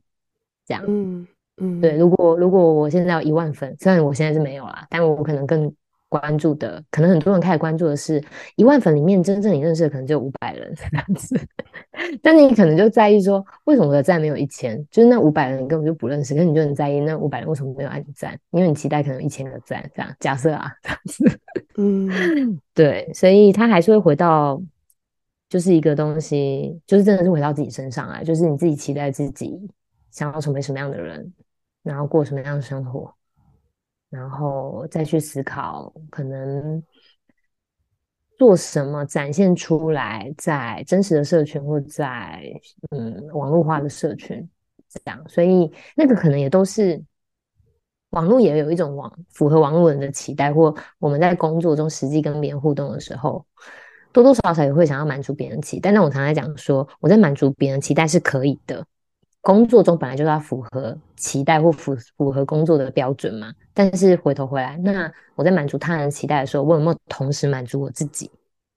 嗯嗯，嗯對，如果如果我現在要一萬粉，雖然我現在是沒有啦，但我可能更關注的，可能很多人開始關注的是一萬粉裡面真正你認識的可能只有五百人這樣子， 但你可能就在意說，為什麼我的讚沒有一千？就是那五百人你根本就不認識，可是你就很在意那五百人為什麼沒有按讚？因為你期待可能一千個讚這樣，假設啊這樣子，嗯，對，所以他還是會回到，就是一個東西，就是真的是回到自己身上來，就是你自己期待自己。想要成為什麼樣的人，然後過什麼樣的生活，然後再去思考可能做什麼展現出來，在真實的社群或在嗯網絡化的社群這樣，所以那個可能也都是網絡也有一種網符合網絡人的期待，或我們在工作中實際跟別人互動的時候，多多少少也會想要滿足別人期待。但我常常講說，我在滿足別人期待是可以的。工作中本來就是要符合期待或符符合工作的標準嘛，但是回頭回來，那我在滿足他人期待的時候，我有沒有同時滿足我自己？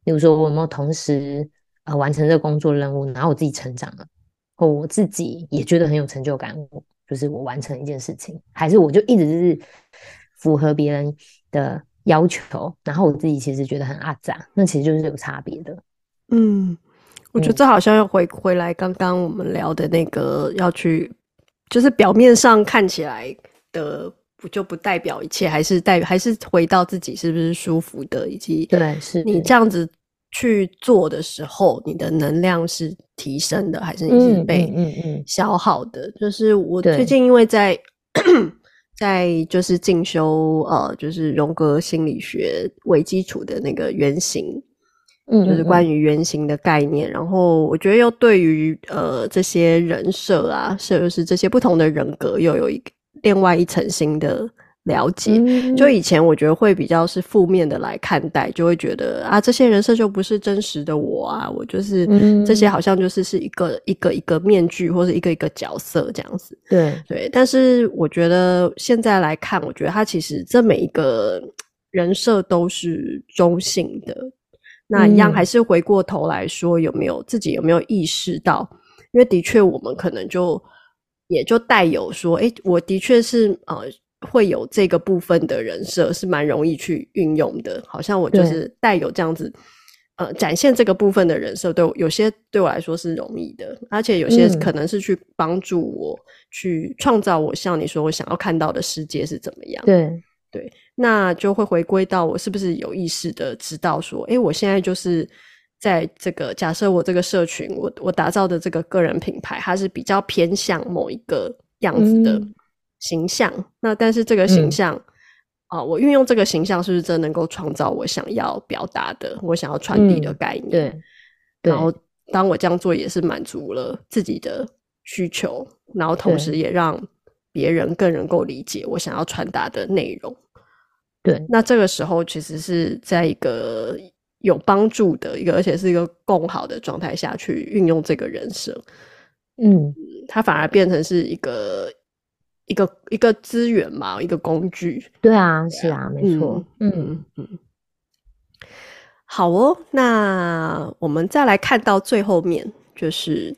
比如說，我有沒有同時呃完成這個工作任務，然後我自己成長了，我自己也覺得很有成就感，我，就是我完成一件事情，還是我就一直就是符合別人的要求，然後我自己其實覺得很阿雜，那其實就是有差別的，嗯。我覺得這好像要回回來剛剛我們聊的那個要去，就是表面上看起來的，不就不代表一切，還是代表還是回到自己是不是舒服的，以及對，是你這樣子去做的時候，你的能量是提升的，還是你是被嗯嗯消耗的？就是我最近因為在對 在就是進修，呃，就是榮格心理學為基礎的那個原型。嗯，就是關於原型的概念，嗯嗯嗯，然後我覺得又對於呃這些人設啊，是不是這些不同的人格，又有一另外一層新的了解。嗯嗯，就以前我覺得會比較是負面的來看待，就會覺得啊，這些人設就不是真實的我啊，我就是嗯嗯，這些好像就是是一個一個一個面具，或是一個一個角色這樣子。對對，但是我覺得現在來看，我覺得他其實這每一個人設都是中性的。那一樣還是回過頭來說，有沒有自己有沒有意識到？因為的確我們可能就也就帶有說，欸，我的確是呃，會有這個部分的人設是蠻容易去運用的，好像我就是帶有這樣子呃展現這個部分的人設，對，有些對我來說是容易的，而且有些可能是去幫助我去創造我像你說我想要看到的世界是怎麼樣，對對。那就會回歸到我是不是有意識的知道說，誒、欸，我現在就是在這個假設我這個社群，我我打造的這個個人品牌，它是比較偏向某一個樣子的形象。嗯、那但是這個形象啊、嗯呃，我運用這個形象是不是真能夠創造我想要表達的、我想要傳遞的概念？嗯、對。對。然後，當我這樣做，也是滿足了自己的需求，然後同時也讓別人更能夠理解我想要傳達的內容。對，那這個時候其實是在一個有幫助的一個，而且是一個共好的狀態下去運用這個人設，嗯，嗯，它反而變成是一個一個一個資源嘛，一個工具。對啊，是啊，沒錯，嗯嗯。好哦，那我們再來看到最後面，就是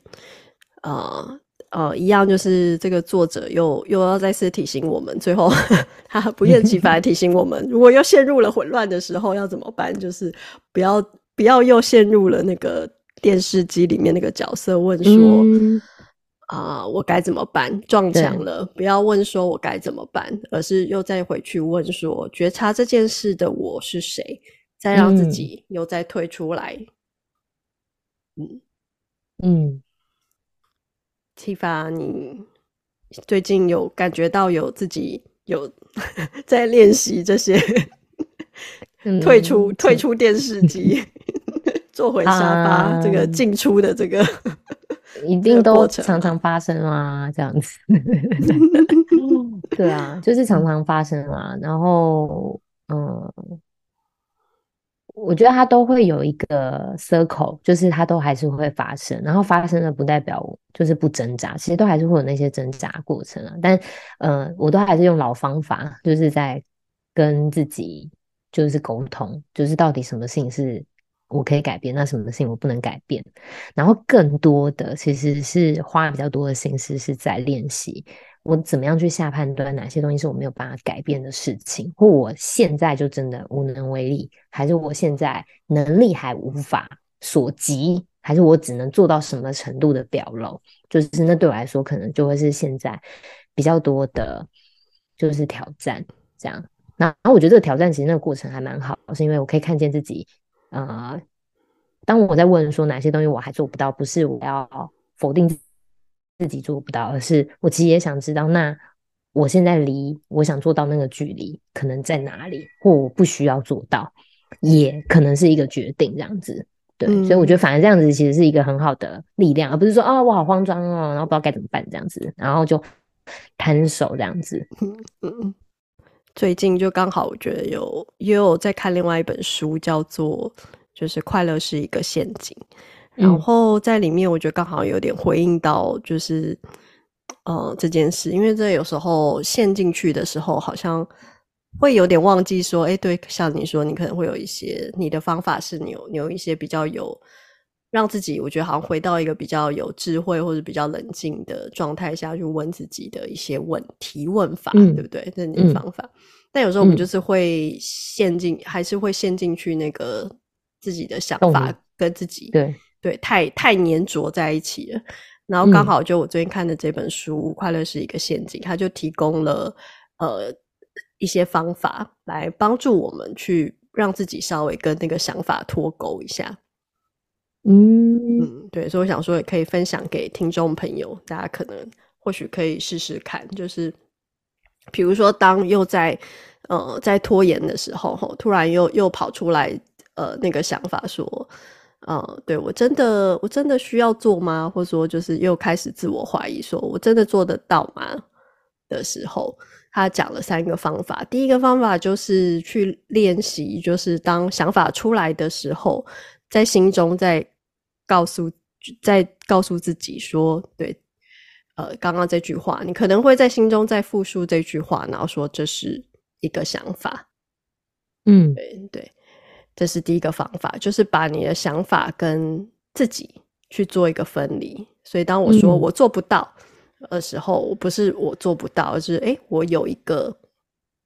呃。呃，一樣就是這個作者又又要再次提醒我們，最後呵呵他不厭其煩提醒我們， 如果又陷入了混亂的時候要怎麼辦？就是不要不要又陷入了那個電視機裡面那個角色問說啊、嗯呃，我該怎麼辦？撞牆了，對不要問說我該怎麼辦，而是又再回去問說覺察這件事的我是誰？再讓自己又再退出來，嗯嗯。嗯 Tifa，你最近有感覺到有自己有 在練習習這些 退出、嗯、退出電視機， 坐回沙發這個進出的這個 、uh, 一定都常常發生啊，這樣子對啊，就是常常發生啊，然後嗯。我覺得它都會有一個 circle，就是它都還是會發生，然後發生了不代表我就是不掙扎，其實都還是會有那些掙扎過程啊。但，呃，我都還是用老方法，就是在跟自己就是溝通，就是到底什麼事情是我可以改變，那什麼事情我不能改變，然後更多的其實是花比較多的心思是在練習。我怎麼樣去下判斷？哪些東西是我沒有辦法改變的事情，或我現在就真的無能為力，還是我現在能力還無法所及，還是我只能做到什麼程度的表露？就是那對我來說，可能就會是現在比較多的，就是挑戰。這樣。那，然後我覺得這個挑戰其實那個過程還蠻好，是因為我可以看見自己。呃，當我在問說，哪些東西我還做不到，不是我要否定。自己做不到，而是我其實也想知道，那我現在離我想做到那個距離可能在哪裡，或我不需要做到，也可能是一個決定這樣子。對，嗯、所以我覺得反而這樣子其實是一個很好的力量，而不是說啊、哦、我好慌張哦，然後不知道該怎麼辦這樣子，然後就攤手這樣子。嗯、最近就剛好我覺得有也有在看另外一本書，叫做《就是快樂是一個陷阱》。然後在裡面，我覺得剛好有點回應到，就是，嗯、呃這件事，因為這有時候陷進去的時候，好像會有點忘記說，哎，對，像你說，你可能會有一些你的方法是，你有你有一些比較有讓自己，我覺得好像回到一個比較有智慧或者比較冷靜的狀態下去問自己的一些問提問法，對不對？嗯、這你的方法，嗯、但有時候我們就是會陷進，嗯、還是會陷進去那個自己的想法跟自己對。對，太太粘着在一起了。然後剛好就我最近看的這本書嗯、《快樂是一個陷阱》，它就提供了呃一些方法來幫助我們去讓自己稍微跟那個想法脫鈎一下。嗯嗯，對，所以我想說也可以分享給聽眾朋友，大家可能或許可以試試看，就是比如說當又在呃在拖延的時候，突然又又跑出來呃那個想法說。嗯、呃，對我真的，我真的需要做嗎？或者說，就是又開始自我懷疑，說我真的做得到嗎？的時候，他講了三個方法。第一個方法就是去練習，就是當想法出來的時候，在心中再告訴，再告訴自己說，對，呃，剛剛這句話，你可能會在心中再複述這句話，然後說這是一個想法。嗯，對對。對這是第一個方法，就是把你的想法跟自己去做一個分離。所以，當我說我做不到的時候，嗯、不是我做不到，而是哎、欸，我有一個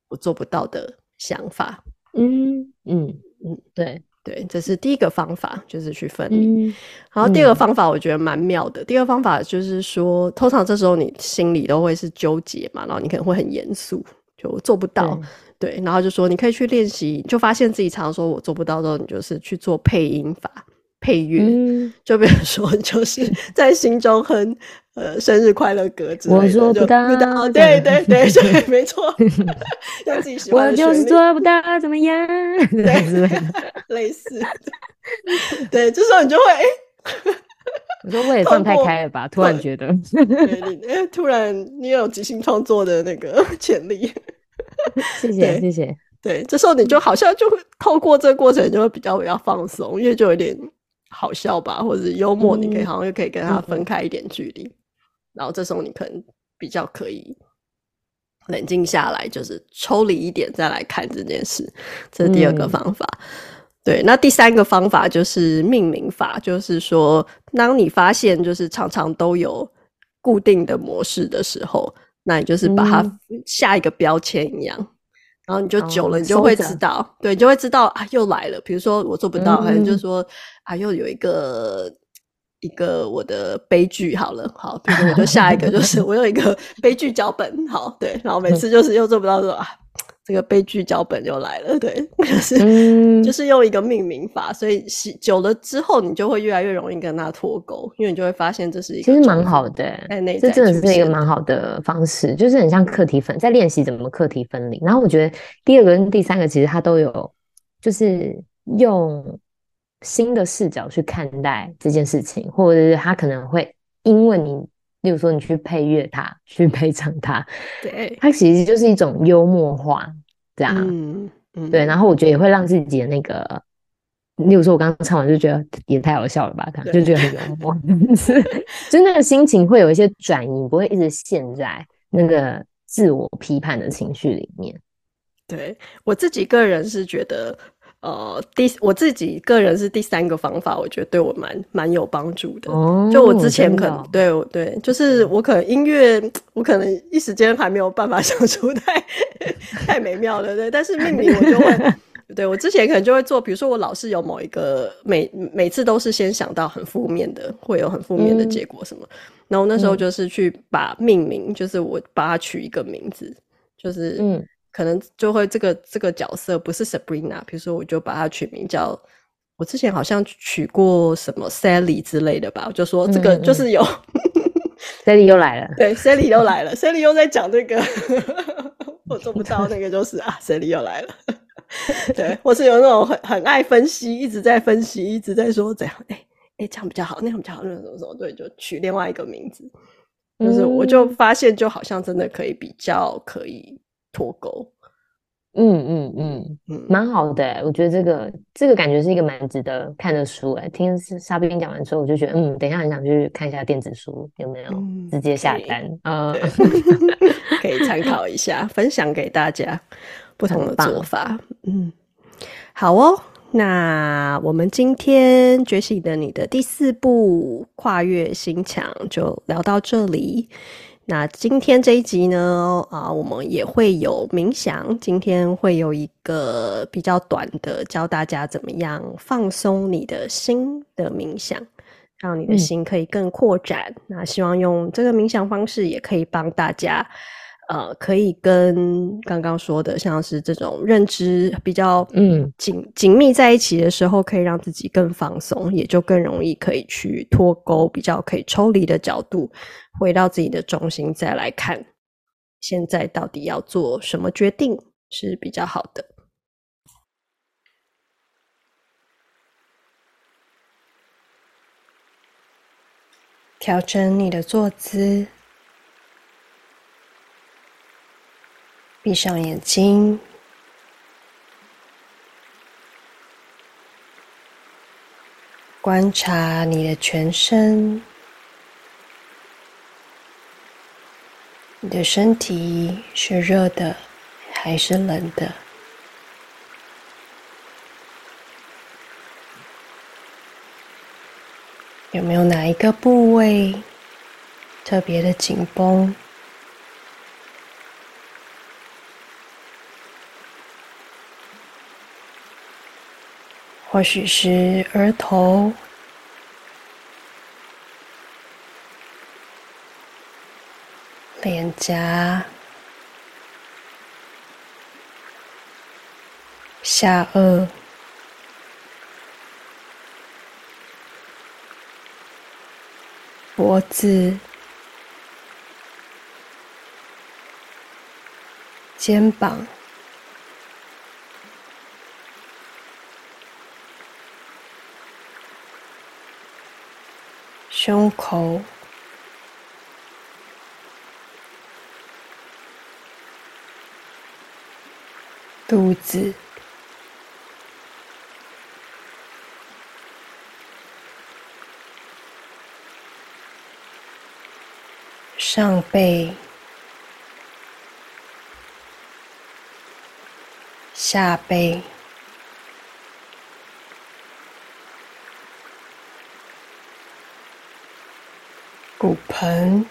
我做不到的想法。嗯嗯嗯，對對，這是第一個方法，就是去分離。嗯、然後第二個方法，我覺得蠻妙的。嗯、第二個方法就是說，通常這時候你心裡都會是糾結嘛，然後你可能會很嚴肅，就做不到。嗯對，然後就說你可以去練習，就發現自己常常說“我做不到”的。你就是去做配音法、配樂，就比如說就是在心中哼呃“生日快樂”歌，我做不到，對對對對，沒錯，自己喜歡，我就是做不到，怎麼樣類似，對，這時候你就會，我說我也放太開了吧，突然覺得，你突然你有即興創作的那個潛力。 對謝謝，謝謝。對，這時候你就好像就會透過這個過程，就會比較比較放鬆，因為就有點好笑吧，或者幽默，你可以好像又可以跟他分開一點距離，嗯、嗯嗯，然後這時候你可能比較可以冷靜下來，就是抽離一點再來看這件事。這是第二個方法。嗯、對，那第三個方法就是命名法，就是說，當你發現就是常常都有固定的模式的時候。那你就是把它下一個標籤一樣，嗯、然後你就久了你就，你就會知道，對，你就會知道啊，又來了。比如說我做不到，可能、嗯嗯、就是說啊，又有一個一個我的悲劇好了，好，比如說我就下一個就是我有一個悲劇腳本， 好，對，然後每次就是又做不到這種，說、嗯、啊。這個悲劇腳本就來了，對，就是、嗯、就是用一個命名法，所以洗久了之後你就會越來越容易跟他脫鈎，因為你就會發現這是一個其實蠻好的，這真的是一個蠻好的方式，就是很像課題分，在練習怎麼課題分離。然後我覺得第二個跟第三個其實他都有，就是用新的視角去看待這件事情，或者是他可能會因為你。例如說，你去配樂它，去配唱它，對，它其實就是一種幽默化，這樣，嗯嗯。嗯對，然後我覺得也會讓自己的那個，例如說，我剛剛唱完就覺得也太好笑了吧，可能就覺得很幽默，對 就那個心情會有一些轉移，不會一直陷在那個自我批判的情緒裡面。對我自己個人是覺得。呃，第我自己個人是第三個方法，我覺得對我蠻蠻有幫助的。哦，就我之前可能我對對，就是我可能音樂，我可能一時間還沒有辦法想出太 太美妙了。對。但是命名我就會， 對我之前可能就會做，比如說我老是有某一個每每次都是先想到很負面的，會有很負面的結果什麼。嗯，然後那時候就是去把命名，嗯，就是我把它取一個名字，就是嗯。可能就會這個這個角色不是 Sabrina，比如說我就把它取名叫，我之前好像取過什麼 Sally 之類的吧，我就說這個就是有 Sally、嗯嗯、 又來了，對，Sally 又來了，Sally 又在講這個， 我做不到那個就是 啊，Sally 又來了， 對，我是有那種很很愛分析，一直在分析，一直在說怎樣，哎、欸、哎、欸、這樣比較好，那樣比較好，那種什麼什麼，對，就取另外一個名字，就是我就發現就好像真的可以比較可以。脫鈎、嗯，嗯嗯嗯，蠻、嗯、好的、欸，我覺得這個這個感覺是一個蠻值得看的書哎、欸。聽莎賓講完之後，我就覺得，嗯，等一下很想去看一下電子書，有沒有、嗯、直接下單啊？可以參考一下，好分享給大家不同的做法。嗯棒，好哦，那我們今天覺醒的你的第四部跨越心牆就聊到這裡。那今天這一集呢，啊，我們也會有冥想。今天會有一個比較短的，教大家怎麼樣放鬆你的心的冥想，讓你的心可以更擴展。嗯。那希望用這個冥想方式，也可以幫大家。呃，可以跟剛剛說的，像是這種認知比較緊嗯，緊緊密在一起的時候，可以讓自己更放鬆，也就更容易可以去脫鈎，比較可以抽離的角度，回到自己的中心再來看，現在到底要做什麼決定是比較好的。調整你的坐姿。閉上眼睛，觀察你的全身。你的身體是熱的還是冷的？有沒有哪一個部位特別的緊繃？或許是額頭、臉頰、下顎額、脖子、肩膀。胸口、肚子、上背、下背。骨盆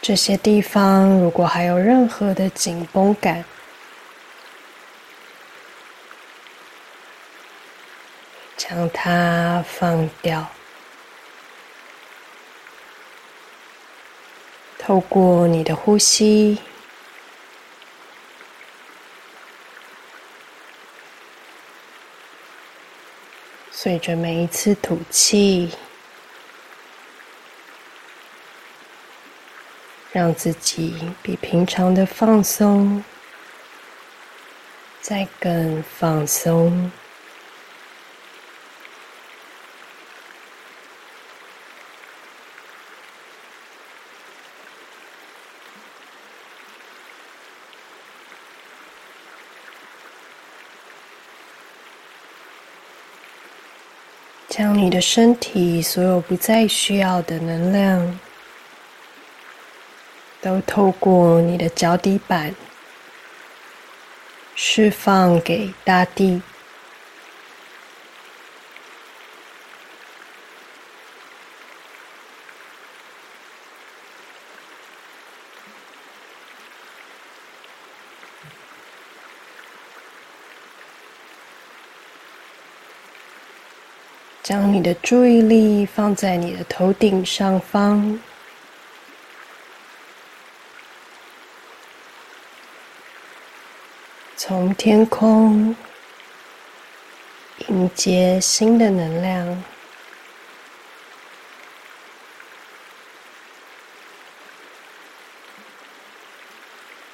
這些地方，如果還有任何的緊繃感，將它放掉。透過你的呼吸。隨着每一次吐氣，讓自己比平常的放鬆，再更放鬆。你的身體所有不再需要的能量，都透過你的腳底板釋放給大地。將你的注意力放在你的頭頂上方，從天空迎接新的能量，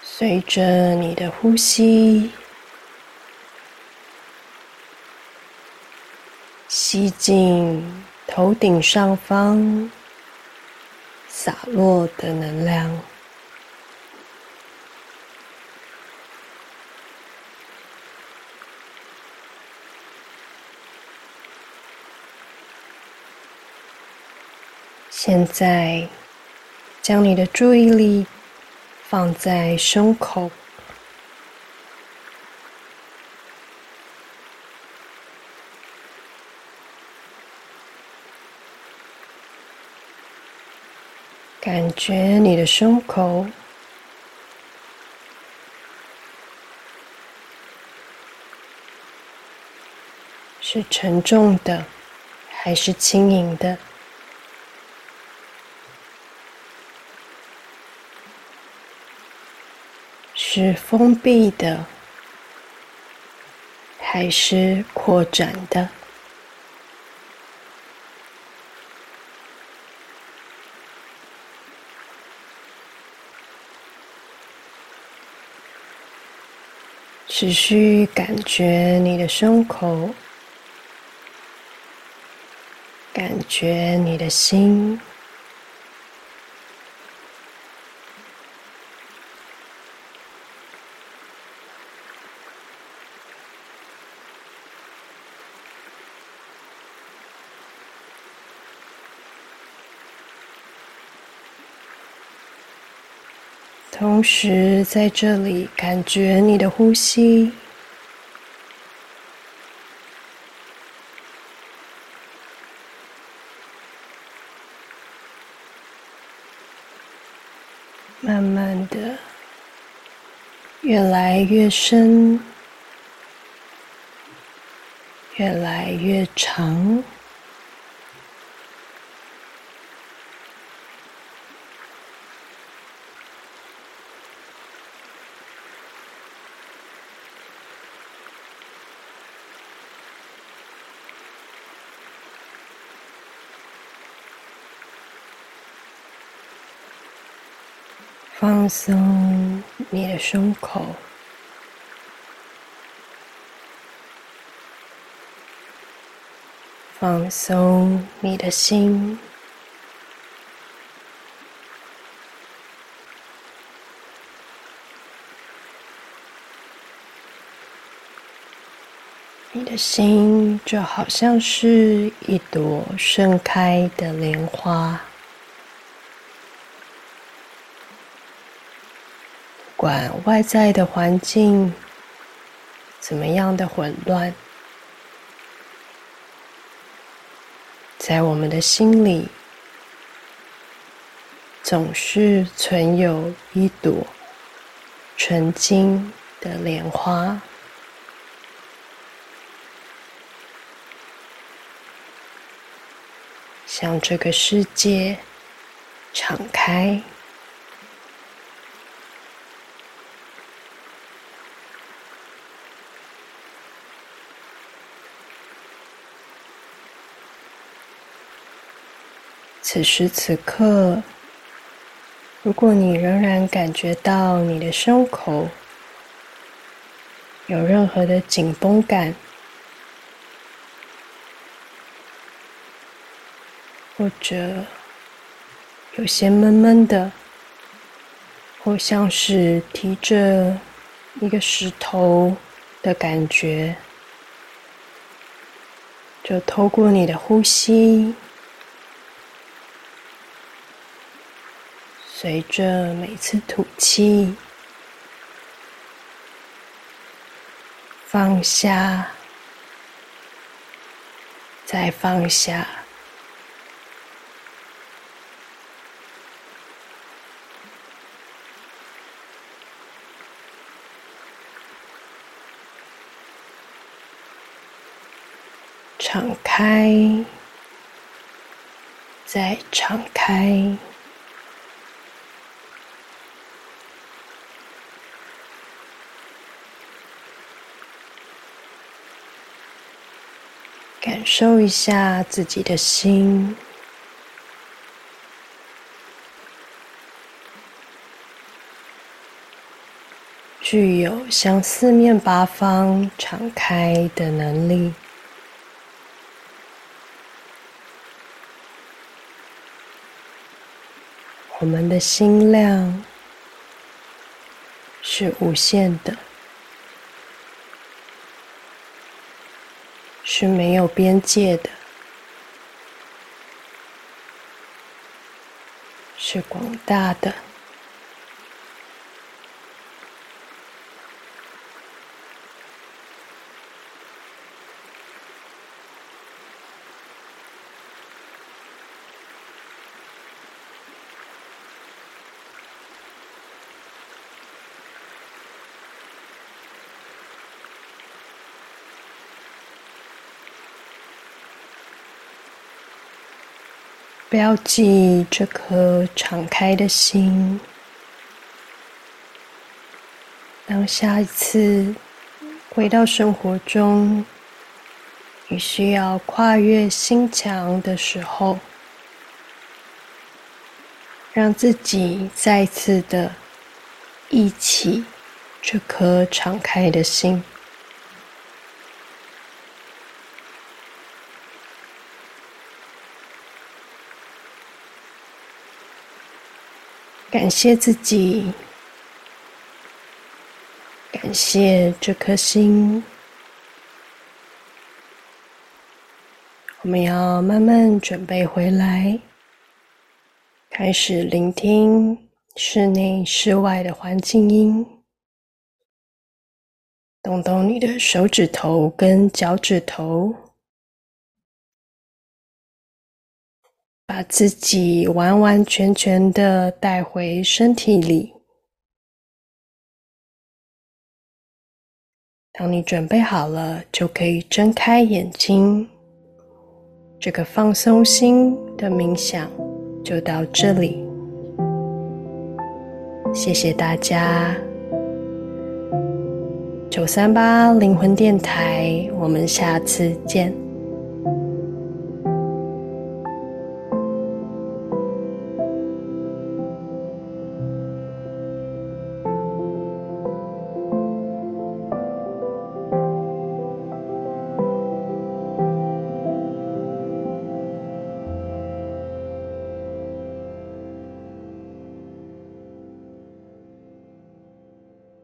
隨着你的呼吸。吸進頭頂上方灑落的能量。現在，將你的注意力放在胸口。感覺你的胸口是沉重的，還是輕盈的？是封閉的，還是擴展的？只需感覺你的胸口，感覺你的心。同時，在這裡感覺你的呼吸，慢慢的，越來越深，越來越長。放鬆你的胸口，放鬆你的心。你的心就好像是一朵盛開的蓮花。不管外在的環境怎麼樣的混亂，在我們的心裡總是存有一朵純淨的蓮花，向這個世界敞開。此時此刻，如果你仍然感覺到你的胸口有任何的緊繃感，或者有些悶悶的，或像是提着一個石頭的感覺，就透過你的呼吸。隨着每次吐氣，放下，再放下，敞開，再敞開。收一下自己的心，具有向四面八方敞開的能力。我們的心量是無限的。是沒有邊界的，是廣大的。不要記這顆敞開的心。當下一次回到生活中，你需要跨越心牆的時候，讓自己再次的憶起這顆敞開的心。感謝自己，感謝這顆心。我們要慢慢準備回來，開始聆聽室內室外的環境音，動動你的手指頭跟腳趾頭。把自己完完全全的帶回身體裡。當你準備好了，就可以睜開眼睛。這個放鬆心的冥想就到這裡。謝謝大家。938靈魂電台，我們下次見。